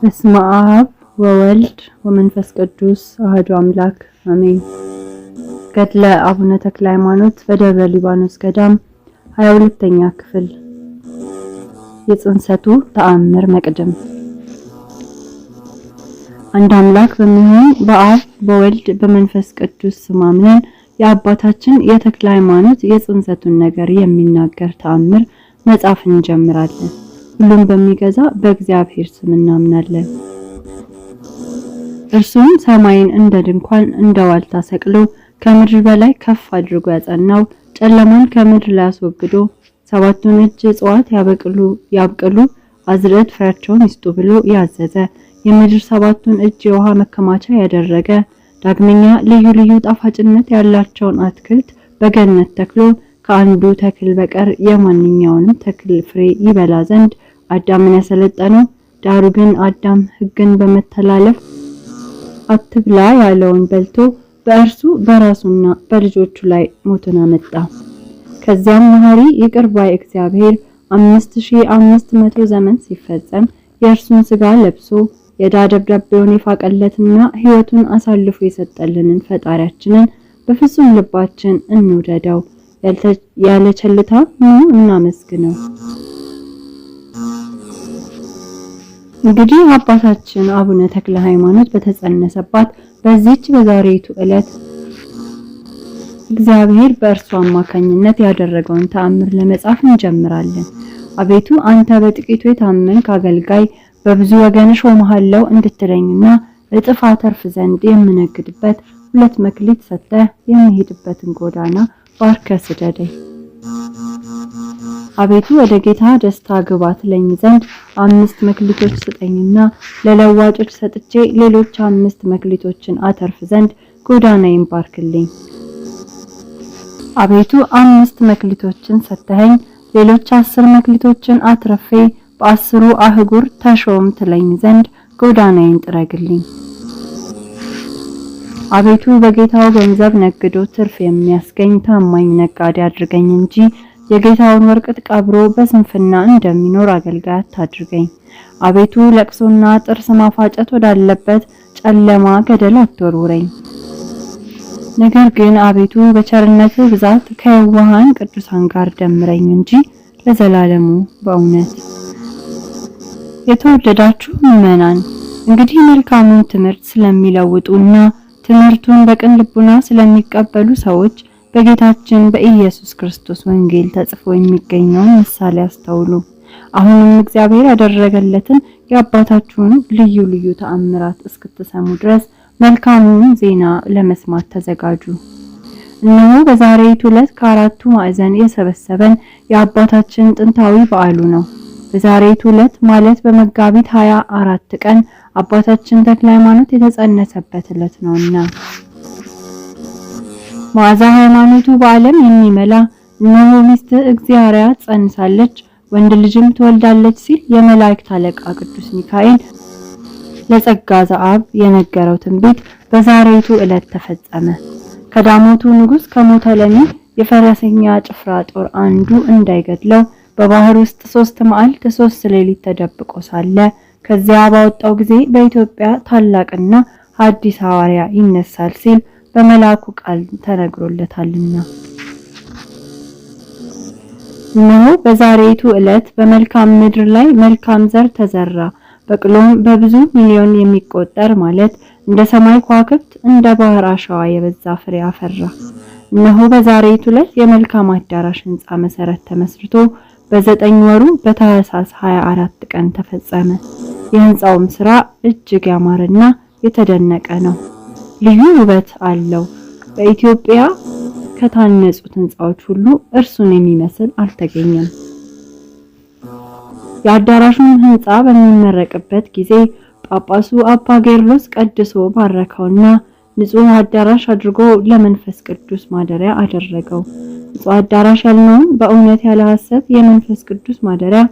በስመ አብ ወወልድ ወመንፈስ ቅዱስ አህዱ አምላክ አሜን። ገድለ አቡነ ተክለ ሃይማኖት በደብረ ሊባኖስ ገዳም ሀያ ኛ ክፍል የጽንሰቱ ተአምር መቅድም አንድ አምላክ በሚሆን በአብ በወልድ በመንፈስ ቅዱስ ስም የአባታችን የተክለ ሃይማኖት የጽንሰቱን ነገር የሚናገር ተአምር መጻፍ እንጀምራለን። ሁሉን በሚገዛ በእግዚአብሔር ስም እናምናለን። እርሱም ሰማይን እንደ ድንኳን እንደ ዋልታ ሰቅሎ ከምድር በላይ ከፍ አድርጎ ያጸናው፣ ጨለማን ከምድር ላይ አስወግዶ ሰባቱን እጅ እጽዋት ያበቅሉ ያብቅሉ አዝርዕት ፍሬያቸውን ይስጡ ብሎ ያዘዘ የምድር ሰባቱን እጅ የውሃ መከማቻ ያደረገ ዳግመኛ ልዩ ልዩ ጣፋጭነት ያላቸውን አትክልት በገነት ተክሎ ከአንዱ ተክል በቀር የማንኛውንም ተክል ፍሬ ይበላ ዘንድ አዳምን ያሰለጠነው። ዳሩ ግን አዳም ሕግን በመተላለፍ አትብላ ያለውን በልቶ በእርሱ በራሱና በልጆቹ ላይ ሞትን አመጣ። ከዚያም መሐሪ ይቅር ባይ እግዚአብሔር 5500 ዘመን ሲፈጸም የእርሱን ስጋ ለብሶ የዕዳ ደብዳቤውን የፋቀለትና ሕይወቱን አሳልፎ የሰጠልንን ፈጣሪያችንን በፍጹም ልባችን እንውደደው፣ ያለ ቸልታ ኑ እናመስግነው። እንግዲህ አባታችን አቡነ ተክለ ሃይማኖት በተጸነሰባት በዚህች በዛሬቱ ዕለት እግዚአብሔር በእርሱ አማካኝነት ያደረገውን ተአምር ለመጻፍ እንጀምራለን። አቤቱ አንተ በጥቂቱ የታመንክ አገልጋይ በብዙ ወገን ሾመሃለው እንድትለኝና እጥፍ አተርፍ ዘንድ የምነግድበት ሁለት መክሊት ሰጥተህ የምሄድበትን ጎዳና ባርከ ስደደኝ። አቤቱ ወደ ጌታ ደስታ ግባ ትለኝ ዘንድ አምስት መክሊቶች ስጠኝና ለለዋጮች ሰጥቼ ሌሎች አምስት መክሊቶችን አተርፍ ዘንድ ጎዳናዬን ባርክልኝ። አቤቱ አምስት መክሊቶችን ሰጥተኸኝ ሌሎች አስር መክሊቶችን አትረፌ በአስሩ አህጉር ተሾም ትለኝ ዘንድ ጎዳናዬን ጥረግልኝ። አቤቱ በጌታው ገንዘብ ነግዶ ትርፍ የሚያስገኝ ታማኝ ነጋዴ አድርገኝ እንጂ የጌታውን ወርቅ ቀብሮ በስንፍና እንደሚኖር አገልጋይ አታድርገኝ። አቤቱ ለቅሶና ጥርስ ማፋጨት ወዳለበት ጨለማ ገደል አትወርውረኝ። ነገር ግን አቤቱ በቸርነት ብዛት ከየዋሃን ቅዱሳን ጋር ደምረኝ እንጂ ለዘላለሙ በእውነት። የተወደዳችሁ መናን እንግዲህ መልካሙን ትምህርት ስለሚለውጡና ትምህርቱን በቅን ልቡና ስለሚቀበሉ ሰዎች በጌታችን በኢየሱስ ክርስቶስ ወንጌል ተጽፎ የሚገኘውን ምሳሌ አስተውሉ። አሁንም እግዚአብሔር ያደረገለትን የአባታችሁን ልዩ ልዩ ተአምራት እስክትሰሙ ድረስ መልካሙን ዜና ለመስማት ተዘጋጁ። እነሆ በዛሬይቱ ዕለት ከአራቱ ማዕዘን የሰበሰበን የአባታችን ጥንታዊ በዓሉ ነው። በዛሬይቱ ዕለት ማለት በመጋቢት 24 አራት ቀን አባታችን ተክለ ሃይማኖት የተጸነሰበት ዕለት ነውና መዓዛ ሃይማኖቱ በዓለም የሚመላ እነሆ ሚስት እግዚአብሔር ጸንሳለች ወንድ ልጅም ትወልዳለች ሲል የመላእክት አለቃ ቅዱስ ሚካኤል ለጸጋ ዘአብ የነገረው ትንቢት በዛሬቱ ዕለት ተፈጸመ። ከዳሞቱ ንጉስ ከሞተለሚ የፈረሰኛ ጭፍራ ጦር አንዱ እንዳይገድለው በባህር ውስጥ ሶስት መዓልት ሶስት ሌሊት ተደብቆ ሳለ ከዚያ ባወጣው ጊዜ በኢትዮጵያ ታላቅና አዲስ ሐዋርያ ይነሳል ሲል በመልአኩ ቃል ተነግሮለታልና። እነሆ በዛሬቱ ዕለት በመልካም ምድር ላይ መልካም ዘር ተዘራ። በቅሎም በብዙ ሚሊዮን የሚቆጠር ማለት እንደ ሰማይ ከዋክብት እንደ ባህር አሸዋ የበዛ ፍሬ አፈራ። እነሆ በዛሬቱ ዕለት የመልካም አዳራሽ ሕንጻ መሰረት ተመስርቶ በዘጠኝ ወሩ በታህሳስ 24 ቀን ተፈጸመ። የሕንጻውም ስራ እጅግ ያማረና የተደነቀ ነው። ልዩ ውበት አለው። በኢትዮጵያ ከታነጹት ህንጻዎች ሁሉ እርሱን የሚመስል አልተገኘም። የአዳራሹን ህንጻ በሚመረቅበት ጊዜ ጳጳሱ አባ ጌርሎስ ቀድሶ ባረከውና ንጹህ አዳራሽ አድርጎ ለመንፈስ ቅዱስ ማደሪያ አደረገው። ንጹህ አዳራሽ ያልነውም በእውነት ያለ ሐሰት የመንፈስ ቅዱስ ማደሪያ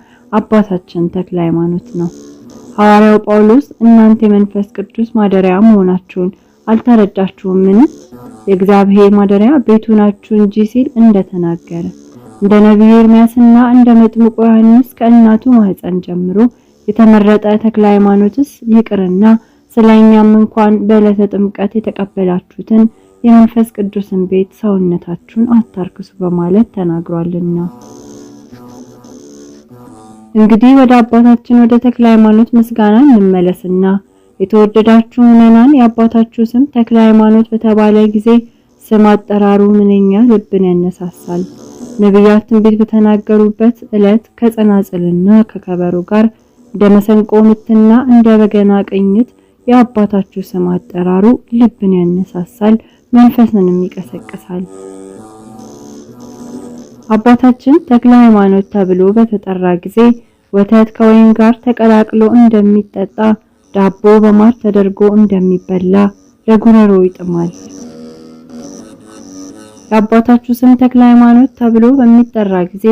አባታችን ተክለ ሃይማኖት ነው። ሐዋርያው ጳውሎስ እናንተ የመንፈስ ቅዱስ ማደሪያ መሆናችሁን አልተረዳችሁምን? የእግዚአብሔር ማደሪያ ቤቱ ናችሁ እንጂ ሲል እንደተናገረ እንደ ነቢዩ ኤርምያስና እንደ መጥምቁ ዮሐንስ ከእናቱ ማህፀን ጀምሮ የተመረጠ ተክለ ሃይማኖትስ ይቅርና ስለኛም እንኳን በዕለተ ጥምቀት የተቀበላችሁትን የመንፈስ ቅዱስን ቤት ሰውነታችሁን አታርክሱ በማለት ተናግሯልና። እንግዲህ ወደ አባታችን ወደ ተክለ ሃይማኖት ምስጋና እንመለስና የተወደዳችሁ ምዕመናን የአባታችሁ ስም ተክለ ሃይማኖት በተባለ ጊዜ ስም አጠራሩ ምንኛ ልብን ያነሳሳል። ነቢያት ትንቢት በተናገሩበት ዕለት ከጸናጽልና ከከበሮ ጋር እንደ መሰንቆ ምትና እንደ በገና ቅኝት የአባታችሁ ስም አጠራሩ ልብን ያነሳሳል፣ መንፈስንም ይቀሰቅሳል። አባታችን ተክለ ሃይማኖት ተብሎ በተጠራ ጊዜ ወተት ከወይን ጋር ተቀላቅሎ እንደሚጠጣ ዳቦ በማር ተደርጎ እንደሚበላ ለጉረሮ ይጥማል። የአባታችሁ ስም ተክለ ሃይማኖት ተብሎ በሚጠራ ጊዜ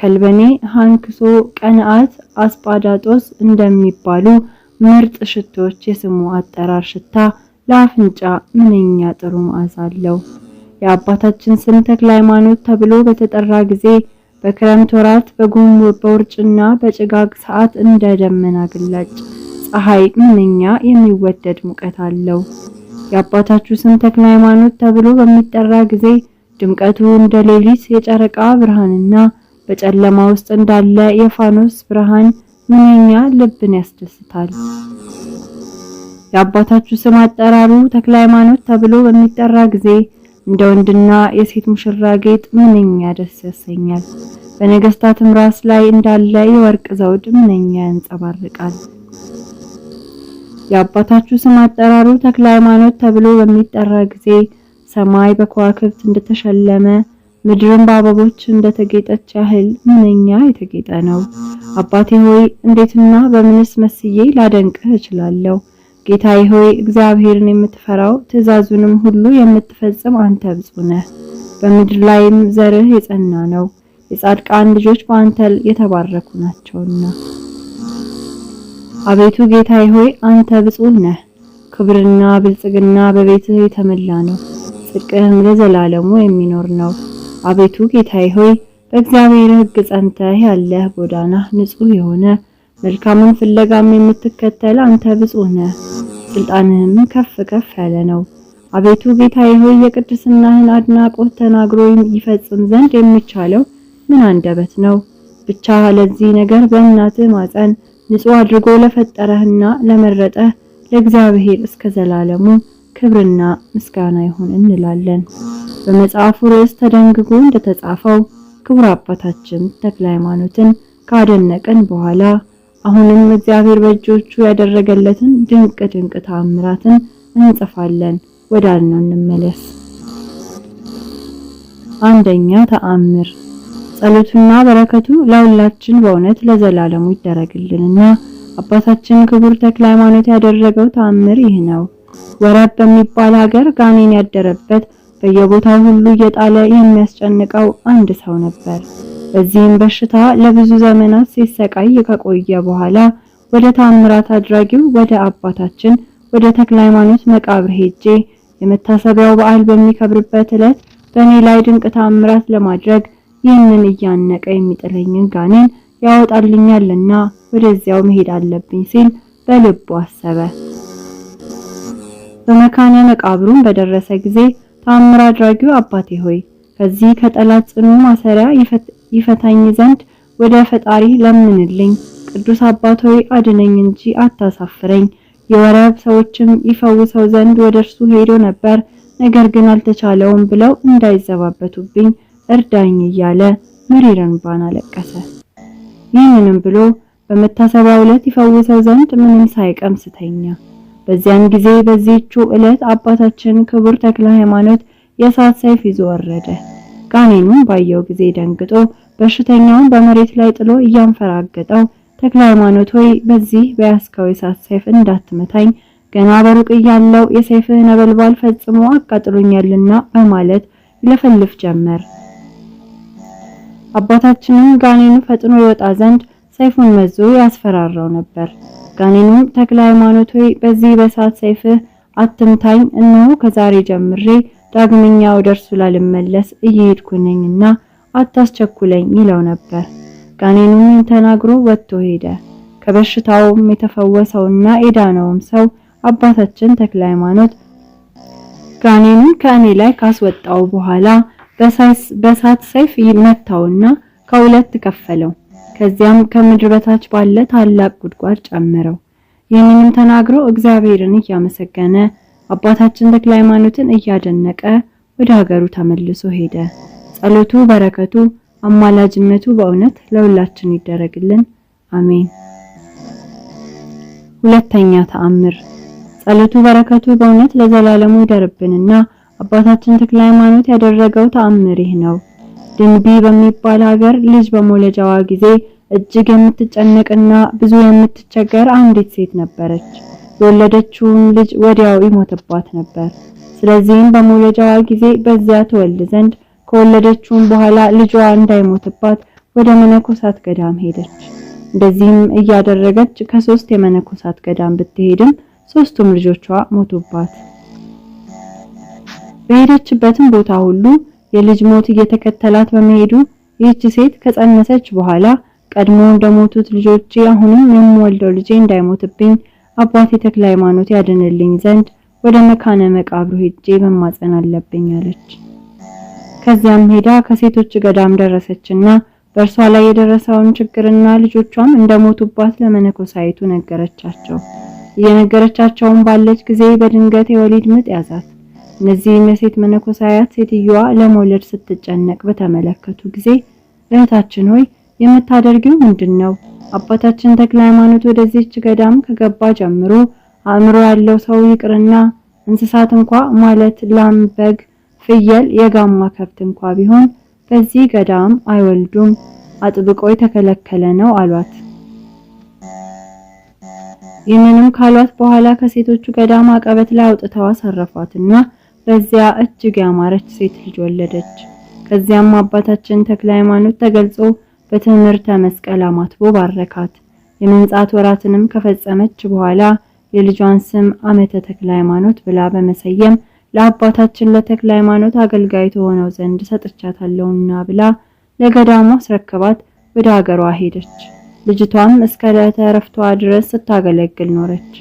ከልበኔ፣ ሃንክሶ፣ ቀንዓት አስጳዳጦስ እንደሚባሉ ምርጥ ሽቶዎች የስሙ አጠራር ሽታ ለአፍንጫ ምንኛ ጥሩ መዓዛ አለው። የአባታችን ስም ተክለ ሃይማኖት ተብሎ በተጠራ ጊዜ በክረምት ወራት በጉም በውርጭና በጭጋግ ሰዓት እንደ ደመና ግላጭ ፀሐይ ምንኛ የሚወደድ ሙቀት አለው። የአባታችሁ ስም ተክለ ሃይማኖት ተብሎ በሚጠራ ጊዜ ድምቀቱ እንደ ሌሊት የጨረቃ ብርሃንና በጨለማ ውስጥ እንዳለ የፋኖስ ብርሃን ምንኛ ልብን ያስደስታል። የአባታችሁ ስም አጠራሩ ተክለ ሃይማኖት ተብሎ በሚጠራ ጊዜ እንደ ወንድና የሴት ሙሽራ ጌጥ ምንኛ ደስ ያሰኛል። በነገስታትም ራስ ላይ እንዳለ የወርቅ ዘውድ ምንኛ ያንጸባርቃል። የአባታችሁ ስም አጠራሩ ተክለ ሃይማኖት ተብሎ በሚጠራ ጊዜ ሰማይ በከዋክብት እንደተሸለመ ምድርን በአበቦች እንደተጌጠች ያህል ምንኛ የተጌጠ ነው። አባቴ ሆይ እንዴትና በምንስ መስዬ ላደንቅህ እችላለሁ? ጌታዬ ሆይ እግዚአብሔርን የምትፈራው ትእዛዙንም ሁሉ የምትፈጽም አንተ ብፁዕ ነህ። በምድር ላይም ዘርህ የጸና ነው። የጻድቃን ልጆች በአንተ የተባረኩ ናቸውና አቤቱ ጌታዬ ሆይ አንተ ብፁዕ ነህ። ክብርና ብልጽግና በቤትህ የተመላ ነው። ጽድቅህም ለዘላለሙ የሚኖር ነው። አቤቱ ጌታዬ ሆይ በእግዚአብሔር ሕግ ጸንተህ ያለህ ጎዳና ንጹሕ የሆነ መልካምን ፍለጋም የምትከተል አንተ ብፁዕ ነህ። ስልጣንህም ከፍ ከፍ ያለ ነው። አቤቱ ጌታዬ ሆይ የቅድስናህን አድናቆት ተናግሮ ይፈጽም ዘንድ የሚቻለው ምን አንደበት ነው? ብቻ ለዚህ ነገር በእናትህ ማጸን ንጹህ አድርጎ ለፈጠረህና ለመረጠህ ለእግዚአብሔር እስከ ዘላለሙ ክብርና ምስጋና ይሁን እንላለን። በመጽሐፉ ርዕስ ተደንግጎ እንደተጻፈው ክቡር አባታችን ተክለ ሃይማኖትን ካደነቀን በኋላ አሁንም እግዚአብሔር በእጆቹ ያደረገለትን ድንቅ ድንቅ ተአምራትን እንጽፋለን። ወዳልነው እንመለስ። አንደኛ ተአምር ጸሎቱና በረከቱ ለሁላችን በእውነት ለዘላለሙ ይደረግልንና አባታችን ክቡር ተክለ ሃይማኖት ያደረገው ተአምር ይህ ነው። ወረብ በሚባል ሀገር ጋኔን ያደረበት በየቦታው ሁሉ እየጣለ የሚያስጨንቀው አንድ ሰው ነበር። በዚህም በሽታ ለብዙ ዘመናት ሲሰቃይ ከቆየ በኋላ ወደ ታምራት አድራጊው ወደ አባታችን ወደ ተክለ ሃይማኖት መቃብር ሄጄ የመታሰቢያው በዓል በሚከብርበት ዕለት በእኔ ላይ ድንቅ ታምራት ለማድረግ ይህንን እያነቀ የሚጥለኝን ጋኔን ያወጣልኛልና ወደዚያው መሄድ አለብኝ ሲል በልቡ አሰበ። በመካነ መቃብሩም በደረሰ ጊዜ ተአምር አድራጊው አባቴ ሆይ ከዚህ ከጠላት ጽኑ ማሰሪያ ይፈታኝ ዘንድ ወደ ፈጣሪ ለምንልኝ፣ ቅዱስ አባት ሆይ አድነኝ እንጂ አታሳፍረኝ። የወረብ ሰዎችም ይፈውሰው ዘንድ ወደ እርሱ ሄዶ ነበር፣ ነገር ግን አልተቻለውም ብለው እንዳይዘባበቱብኝ እርዳኝ እያለ መሪር እንባን አለቀሰ። ይህንንም ብሎ በመታሰቢያው ዕለት ይፈውሰው ዘንድ ምንም ሳይቀምስ ተኛ። በዚያን ጊዜ በዚህቹ ዕለት አባታችን ክቡር ተክለ ሃይማኖት የእሳት ሰይፍ ይዞ ወረደ። ጋኔኑን ባየው ጊዜ ደንግጦ በሽተኛውን በመሬት ላይ ጥሎ እያንፈራገጠው ተክለ ሃይማኖት ሆይ በዚህ በያዝከው የእሳት ሰይፍ እንዳትመታኝ ገና በሩቅ እያለው የሰይፍህ ነበልባል ፈጽሞ አቃጥሎኛልና በማለት ይለፈልፍ ጀመር። አባታችንም ጋኔኑ ፈጥኖ ይወጣ ዘንድ ሰይፉን መዞ ያስፈራራው ነበር። ጋኔኑም ተክለ ሃይማኖት ሆይ በዚህ በሳት ሰይፍህ አትምታኝ፣ እነሆ ከዛሬ ጀምሬ ዳግመኛ ወደ እርሱ ላልመለስ እየሄድኩኝና አታስቸኩለኝ ይለው ነበር። ጋኔኑም ተናግሮ ወጥቶ ሄደ። ከበሽታውም የተፈወሰውና የዳነውም ሰው አባታችን ተክለ ሃይማኖት ጋኔኑን ከእኔ ላይ ካስወጣው በኋላ በሳት ሰይፍ መታውና ከሁለት ከፈለው። ከዚያም ከምድር በታች ባለ ታላቅ ጉድጓድ ጨመረው። ይህንንም ተናግሮ እግዚአብሔርን እያመሰገነ አባታችን ተክለ ሃይማኖትን እያደነቀ ወደ ሀገሩ ተመልሶ ሄደ። ጸሎቱ፣ በረከቱ፣ አማላጅነቱ በእውነት ለሁላችን ይደረግልን፣ አሜን። ሁለተኛ ተአምር። ጸሎቱ በረከቱ በእውነት ለዘላለሙ ይደርብንና አባታችን ተክለ ሃይማኖት ያደረገው ተአምር ይህ ነው። ድንቢ በሚባል ሀገር ልጅ በመውለጃዋ ጊዜ እጅግ የምትጨነቅና ብዙ የምትቸገር አንዲት ሴት ነበረች። የወለደችውም ልጅ ወዲያው ይሞትባት ነበር። ስለዚህም በመውለጃዋ ጊዜ በዚያ ትወልድ ዘንድ ከወለደችውም በኋላ ልጇ እንዳይሞትባት ወደ መነኮሳት ገዳም ሄደች። እንደዚህም እያደረገች ከሶስት የመነኮሳት ገዳም ብትሄድም ሶስቱም ልጆቿ ሞቱባት። በሄደችበትም ቦታ ሁሉ የልጅ ሞት እየተከተላት በመሄዱ ይህች ሴት ከጸነሰች በኋላ ቀድሞ እንደሞቱት ልጆቼ አሁንም የምወልደው ልጄ እንዳይሞትብኝ አባቴ ተክለ ሃይማኖት ያድንልኝ ዘንድ ወደ መካነ መቃብሩ ሄጄ መማጸን አለብኝ አለች። ከዚያም ሄዳ ከሴቶች ገዳም ደረሰችና በእርሷ ላይ የደረሰውን ችግርና ልጆቿም እንደሞቱባት ለመነኮሳይቱ ነገረቻቸው። እየነገረቻቸውም ባለች ጊዜ በድንገት የወሊድ ምጥ ያዛት። እነዚህ የሴት መነኮሳያት ሴትዮዋ ለመውለድ ስትጨነቅ በተመለከቱ ጊዜ እህታችን ሆይ የምታደርጊው ምንድን ነው? አባታችን ተክለ ሃይማኖት ወደዚህች ገዳም ከገባ ጀምሮ አእምሮ ያለው ሰው ይቅርና እንስሳት እንኳ ማለት ላም፣ በግ፣ ፍየል፣ የጋማ ከብት እንኳ ቢሆን በዚህ ገዳም አይወልዱም፣ አጥብቆ የተከለከለ ነው አሏት። ይህንንም ካሏት በኋላ ከሴቶቹ ገዳም አቀበት ላይ አውጥተው አሰረፏትና በዚያ እጅግ ያማረች ሴት ልጅ ወለደች። ከዚያም አባታችን ተክለ ሃይማኖት ተገልጾ በትምህርተ መስቀል አማትቦ ባረካት። የመንጻት ወራትንም ከፈጸመች በኋላ የልጇን ስም አመተ ተክለ ሃይማኖት ብላ በመሰየም ለአባታችን ለተክለ ሃይማኖት አገልጋይ ሆነው ዘንድ ሰጥቻታለሁና ብላ ለገዳሙ አስረክባት ወደ ሀገሯ ሄደች። ልጅቷም እስከ ዕለተ ዕረፍቷ ድረስ ስታገለግል ኖረች።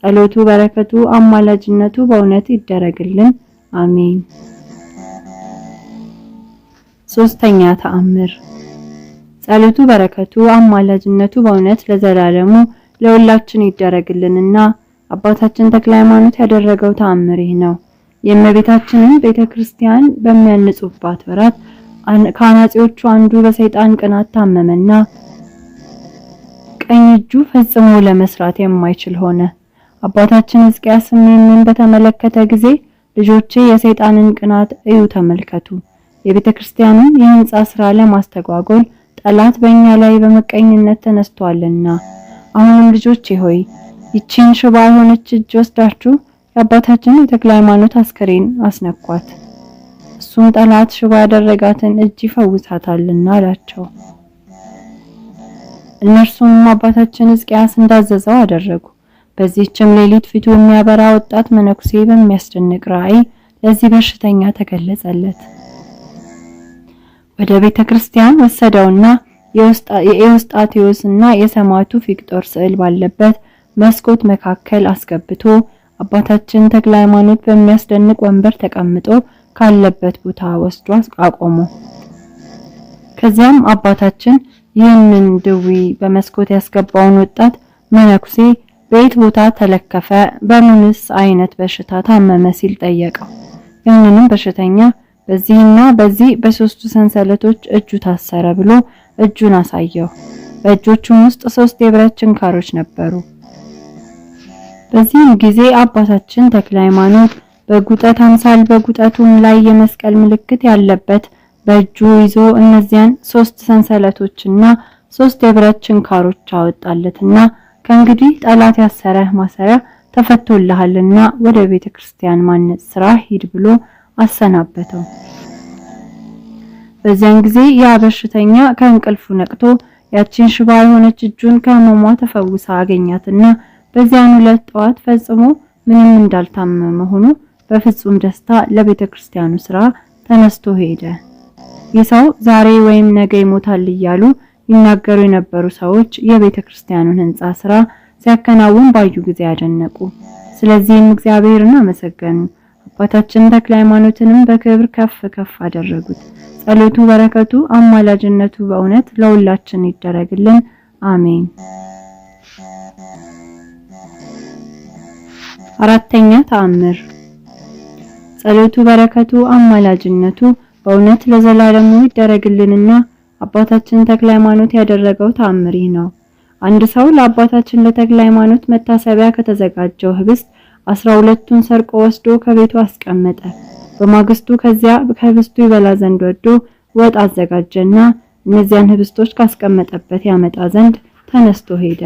ጸሎቱ፣ በረከቱ፣ አማላጅነቱ በእውነት ይደረግልን። አሜን። ሶስተኛ ተአምር ጸሎቱ በረከቱ አማላጅነቱ በእውነት ለዘላለሙ ለሁላችን ይደረግልንና አባታችን ተክለ ሃይማኖት ያደረገው ተአምር ይህ ነው። የእመቤታችንን ቤተክርስቲያን በሚያንጹባት ወራት ከአናጺዎቹ አንዱ በሰይጣን ቅናት ታመመና ቀኝ እጁ ፈጽሞ ለመስራት የማይችል ሆነ። አባታችን ሕዝቅያስም ይህንን በተመለከተ ጊዜ ልጆቼ የሰይጣንን ቅናት እዩ ተመልከቱ። የቤተ ክርስቲያኑን የህንፃ ስራ ለማስተጓጎል ጠላት በእኛ ላይ በመቀኝነት ተነስቷልና፣ አሁንም ልጆቼ ሆይ ይቺን ሽባ የሆነች እጅ ወስዳችሁ የአባታችን የተክለ ሃይማኖት አስከሬን አስነኳት፣ እሱም ጠላት ሽባ ያደረጋትን እጅ ይፈውሳታልና አላቸው። እነርሱም አባታችን ሕዝቅያስ እንዳዘዘው አደረጉ። በዚህችም ሌሊት ፊቱ የሚያበራ ወጣት መነኩሴ በሚያስደንቅ ራእይ ለዚህ በሽተኛ ተገለጸለት። ወደ ቤተ ክርስቲያን ወሰደውና የኤውስጣቴዎስ እና የሰማዕቱ ፊቅጦር ስዕል ባለበት መስኮት መካከል አስገብቶ አባታችን ተክለ ሃይማኖት በሚያስደንቅ ወንበር ተቀምጦ ካለበት ቦታ ወስዶ አቆሞ። ከዚያም አባታችን ይህንን ድዊ በመስኮት ያስገባውን ወጣት መነኩሴ በየት ቦታ ተለከፈ፣ በምንስ አይነት በሽታ ታመመ ሲል ጠየቀው። ይህንንም በሽተኛ በዚህና በዚህ በሶስቱ ሰንሰለቶች እጁ ታሰረ ብሎ እጁን አሳየው። በእጆቹም ውስጥ ሶስት የብረት ችንካሮች ነበሩ። በዚህም ጊዜ አባታችን ተክለ ሃይማኖት በጉጠት አምሳል በጉጠቱም ላይ የመስቀል ምልክት ያለበት በእጁ ይዞ እነዚያን ሶስት ሰንሰለቶችና ሶስት የብረት ችንካሮች አወጣለትና ከእንግዲህ ጠላት ያሰረህ ማሰሪያ ተፈቶልሃልና ወደ ቤተ ክርስቲያን ማነጽ ስራ ሂድ ብሎ አሰናበተው። በዚያን ጊዜ ያ በሽተኛ ከእንቅልፉ ነቅቶ ያቺን ሽባ የሆነች እጁን ከህመሟ ተፈውሳ አገኛትና በዚያን ሁለት ጠዋት ፈጽሞ ምንም እንዳልታመመ መሆኑ በፍጹም ደስታ ለቤተ ክርስቲያኑ ስራ ተነስቶ ሄደ። ይህ ሰው ዛሬ ወይም ነገ ይሞታል እያሉ ይናገሩ የነበሩ ሰዎች የቤተ ክርስቲያኑን ህንጻ ስራ ሲያከናውን ባዩ ጊዜ አደነቁ። ስለዚህም እግዚአብሔርን አመሰገኑ። አባታችን ተክለ ሃይማኖትንም በክብር ከፍ ከፍ አደረጉት። ጸሎቱ፣ በረከቱ፣ አማላጅነቱ በእውነት ለሁላችን ይደረግልን፣ አሜን። አራተኛ ተአምር። ጸሎቱ፣ በረከቱ፣ አማላጅነቱ በእውነት ለዘላለሙ ይደረግልንና አባታችን ተክለ ሃይማኖት ያደረገው ተአምር ነው። አንድ ሰው ለአባታችን ለተክለ ሃይማኖት መታሰቢያ ከተዘጋጀው ህብስት አስራ ሁለቱን ሰርቆ ወስዶ ከቤቱ አስቀመጠ። በማግስቱ ከዚያ ከህብስቱ ይበላ ዘንድ ወዶ ወጥ አዘጋጀና እነዚያን ህብስቶች ካስቀመጠበት ያመጣ ዘንድ ተነስቶ ሄደ።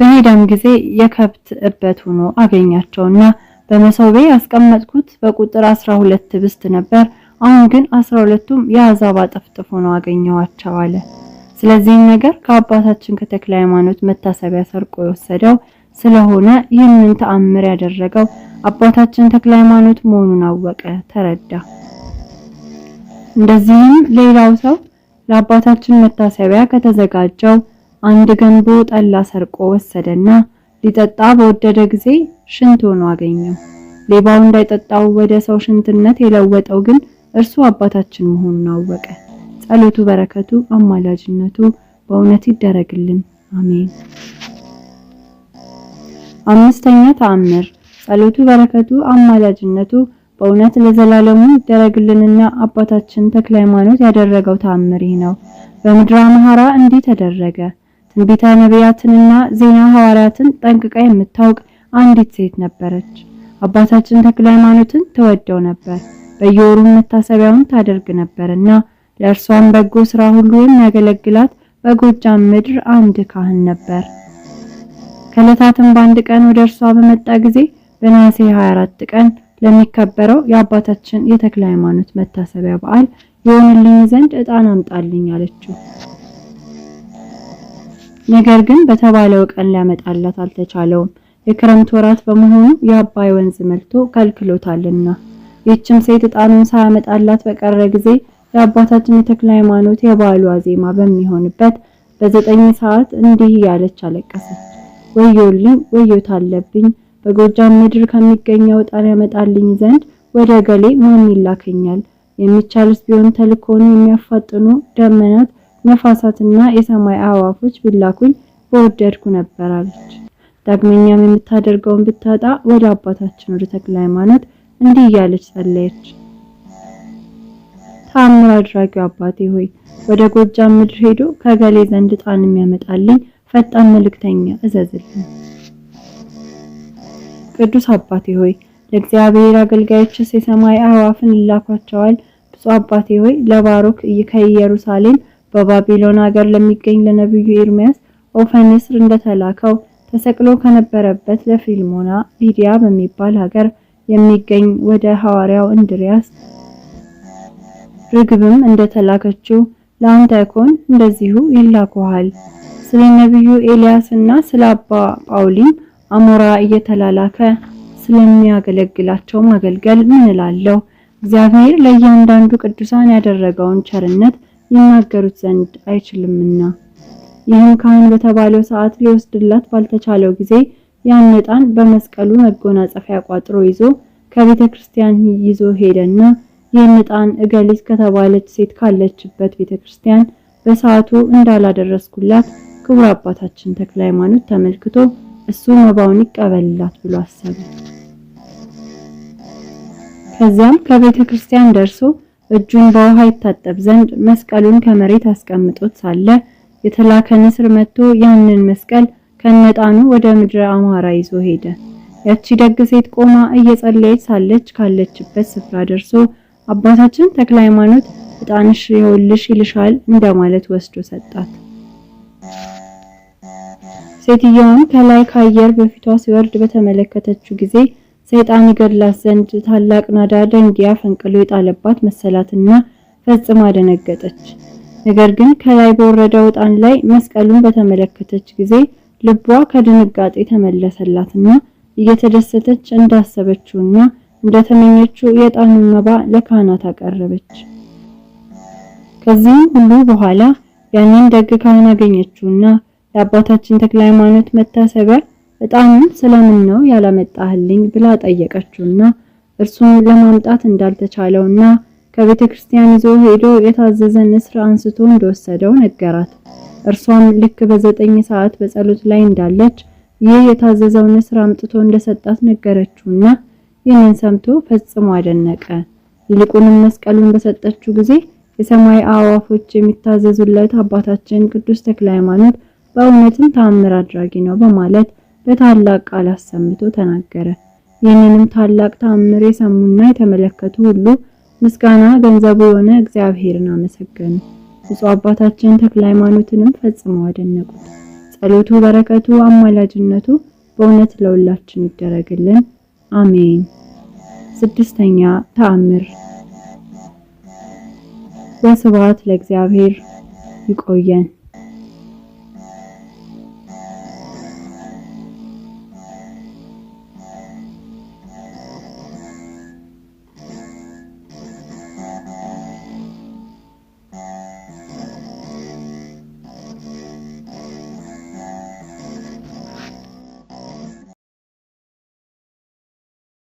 በሄደም ጊዜ የከብት እበት ሆኖ አገኛቸውና በመሶቤ ያስቀመጥኩት በቁጥር አስራ ሁለት ህብስት ነበር አሁን ግን አስራ ሁለቱም የአሕዛብ አጠፍጥፍ ነው አገኘዋቸው አለ። ስለዚህም ነገር ከአባታችን ከተክለ ሃይማኖት መታሰቢያ ሰርቆ የወሰደው ስለሆነ ይህንን ተአምር ያደረገው አባታችን ተክለ ሃይማኖት መሆኑን አወቀ፣ ተረዳ። እንደዚህም ሌላው ሰው ለአባታችን መታሰቢያ ከተዘጋጀው አንድ ገንቦ ጠላ ሰርቆ ወሰደና ሊጠጣ በወደደ ጊዜ ሽንት ሆኖ አገኘው። ሌባው እንዳይጠጣው ወደ ሰው ሽንትነት የለወጠው ግን እርሱ አባታችን መሆኑን አወቀ። ጸሎቱ፣ በረከቱ፣ አማላጅነቱ በእውነት ይደረግልን፣ አሜን። አምስተኛ ተአምር ጸሎቱ፣ በረከቱ፣ አማላጅነቱ በእውነት ለዘላለሙ ይደረግልንና አባታችን ተክለ ሃይማኖት ያደረገው ተአምር ነው። በምድረ መሐራ እንዲህ ተደረገ። ትንቢተ ነቢያትንና ዜና ሐዋርያትን ጠንቅቃ የምታውቅ አንዲት ሴት ነበረች። አባታችን ተክለ ሃይማኖትን ትወደው ነበር። በየወሩ መታሰቢያውን ታደርግ ነበርና ለእርሷም በጎ ስራ ሁሉ የሚያገለግላት በጎጃም ምድር አንድ ካህን ነበር። ከለታትም በአንድ ቀን ወደ እርሷ በመጣ ጊዜ በነሐሴ 24 ቀን ለሚከበረው የአባታችን የተክለ ሃይማኖት መታሰቢያ በዓል የሆንልኝ ዘንድ እጣን አምጣልኝ አለችው። ነገር ግን በተባለው ቀን ሊያመጣላት አልተቻለውም። የክረምት ወራት በመሆኑ የአባይ ወንዝ መልቶ ከልክሎታልና ይህችም ሴት ዕጣኑን ሳያመጣላት በቀረ ጊዜ የአባታችን የተክለ ሃይማኖት የበዓሉ ዋዜማ በሚሆንበት በዘጠኝ ሰዓት እንዲህ እያለች አለቀሰች። ወዮልኝ ወዮታ አለብኝ በጎጃም ምድር ከሚገኘው ዕጣን ያመጣልኝ ዘንድ ወደ ገሌ ማን ይላከኛል? የሚቻልስ ቢሆን ተልኮን የሚያፋጥኑ ደመናት፣ ነፋሳትና የሰማይ አዋፎች ቢላኩኝ በወደድኩ ነበር አለች። ዳግመኛም የምታደርገውን ብታጣ ወደ አባታችን ወደ ተክለ ሃይማኖት እንዲህ እያለች ጸለየች። ታምር አድራጊው አባቴ ሆይ ወደ ጎጃም ምድር ሄዶ ከገሌ ዘንድ ጣንም የሚያመጣልኝ ፈጣን መልእክተኛ እዘዝልኝ። ቅዱስ አባቴ ሆይ ለእግዚአብሔር አገልጋዮችስ የሰማይ አዕዋፍን ይላኳቸዋል። ብፁዕ አባቴ ሆይ ለባሮክ ከኢየሩሳሌም በባቢሎን ሀገር ለሚገኝ ለነቢዩ ኤርሚያስ ኦፈንስር እንደተላከው ተሰቅሎ ከነበረበት ለፊልሞና ሊዲያ በሚባል ሀገር የሚገኝ ወደ ሐዋርያው እንድሪያስ ርግብም እንደተላከችው ለአንተ አይኮን እንደዚሁ ይላኩሃል። ስለ ነቢዩ ኤልያስና ስለ አባ ጳውሊም አሞራ እየተላላከ ስለሚያገለግላቸው ማገልገል ምን እላለሁ? እግዚአብሔር ለእያንዳንዱ ቅዱሳን ያደረገውን ቸርነት ይናገሩት ዘንድ አይችልምና ይህም ካህን በተባለው ሰዓት ሊወስድላት ባልተቻለው ጊዜ ያን ዕጣን በመስቀሉ መጎናጸፊያ ቋጥሮ ይዞ ከቤተ ክርስቲያን ይዞ ሄደና ይህን ዕጣን እገሊት ከተባለች ሴት ካለችበት ቤተ ክርስቲያን በሰዓቱ እንዳላደረስኩላት ክቡር አባታችን ተክለ ሃይማኖት ተመልክቶ እሱ መባውን ይቀበልላት ብሎ አሰበ። ከዚያም ከቤተ ክርስቲያን ደርሶ እጁን በውሃ ይታጠብ ዘንድ መስቀሉን ከመሬት አስቀምጦት ሳለ የተላከ ንስር መጥቶ ያንን መስቀል ከነጣኑ ወደ ምድረ አማራ ይዞ ሄደ። ያቺ ደግ ሴት ቆማ እየጸለየች ሳለች ካለችበት ስፍራ ደርሶ አባታችን ተክለ ሃይማኖት ዕጣንሽ ይኸውልሽ ይልሻል እንደማለት ወስዶ ሰጣት። ሴትየዋም ከላይ ከአየር በፊቷ ሲወርድ በተመለከተችው ጊዜ ሰይጣን ይገድላት ዘንድ ታላቅ ናዳ ደንጊያ ፈንቅሎ የጣለባት መሰላትና ፈጽማ ደነገጠች። ነገር ግን ከላይ በወረደው ዕጣን ላይ መስቀሉን በተመለከተች ጊዜ ልቧ ከድንጋጤ ተመለሰላትና እየተደሰተች እንዳሰበችውና እንደተመኘችው የዕጣኑን መባ ለካህናት አቀረበች። ከዚህም ሁሉ በኋላ ያንን ደግ ካህን አገኘችውና የአባታችን ተክለ ሃይማኖት መታሰቢያ ዕጣኑን ስለምን ነው ያላመጣህልኝ ብላ ጠየቀችውና እርሱም ለማምጣት እንዳልተቻለውና ከቤተ ክርስቲያን ይዞ ሄዶ የታዘዘን ንስር አንስቶ እንደወሰደው ነገራት። እርሷም ልክ በዘጠኝ ሰዓት በጸሎት ላይ እንዳለች ይህ የታዘዘውን እስራ አምጥቶ እንደሰጣት ነገረችውና ይህንን ሰምቶ ፈጽሞ አደነቀ። ይልቁንም መስቀሉን በሰጠችው ጊዜ የሰማይ አዋፎች የሚታዘዙለት አባታችን ቅዱስ ተክለ ሃይማኖት በእውነትም ተአምር አድራጊ ነው በማለት በታላቅ ቃል አሰምቶ ተናገረ። ይህንንም ታላቅ ተአምር የሰሙና የተመለከቱ ሁሉ ምስጋና ገንዘቡ የሆነ እግዚአብሔርን አመሰገኑ። ብፁዕ አባታችን ተክለ ሃይማኖትንም ፈጽመው አደነቁት። ጸሎቱ፣ በረከቱ፣ አማላጅነቱ በእውነት ለሁላችን ይደረግልን፣ አሜን። ስድስተኛ ተአምር። ወስብሐት ለእግዚአብሔር። ይቆየን።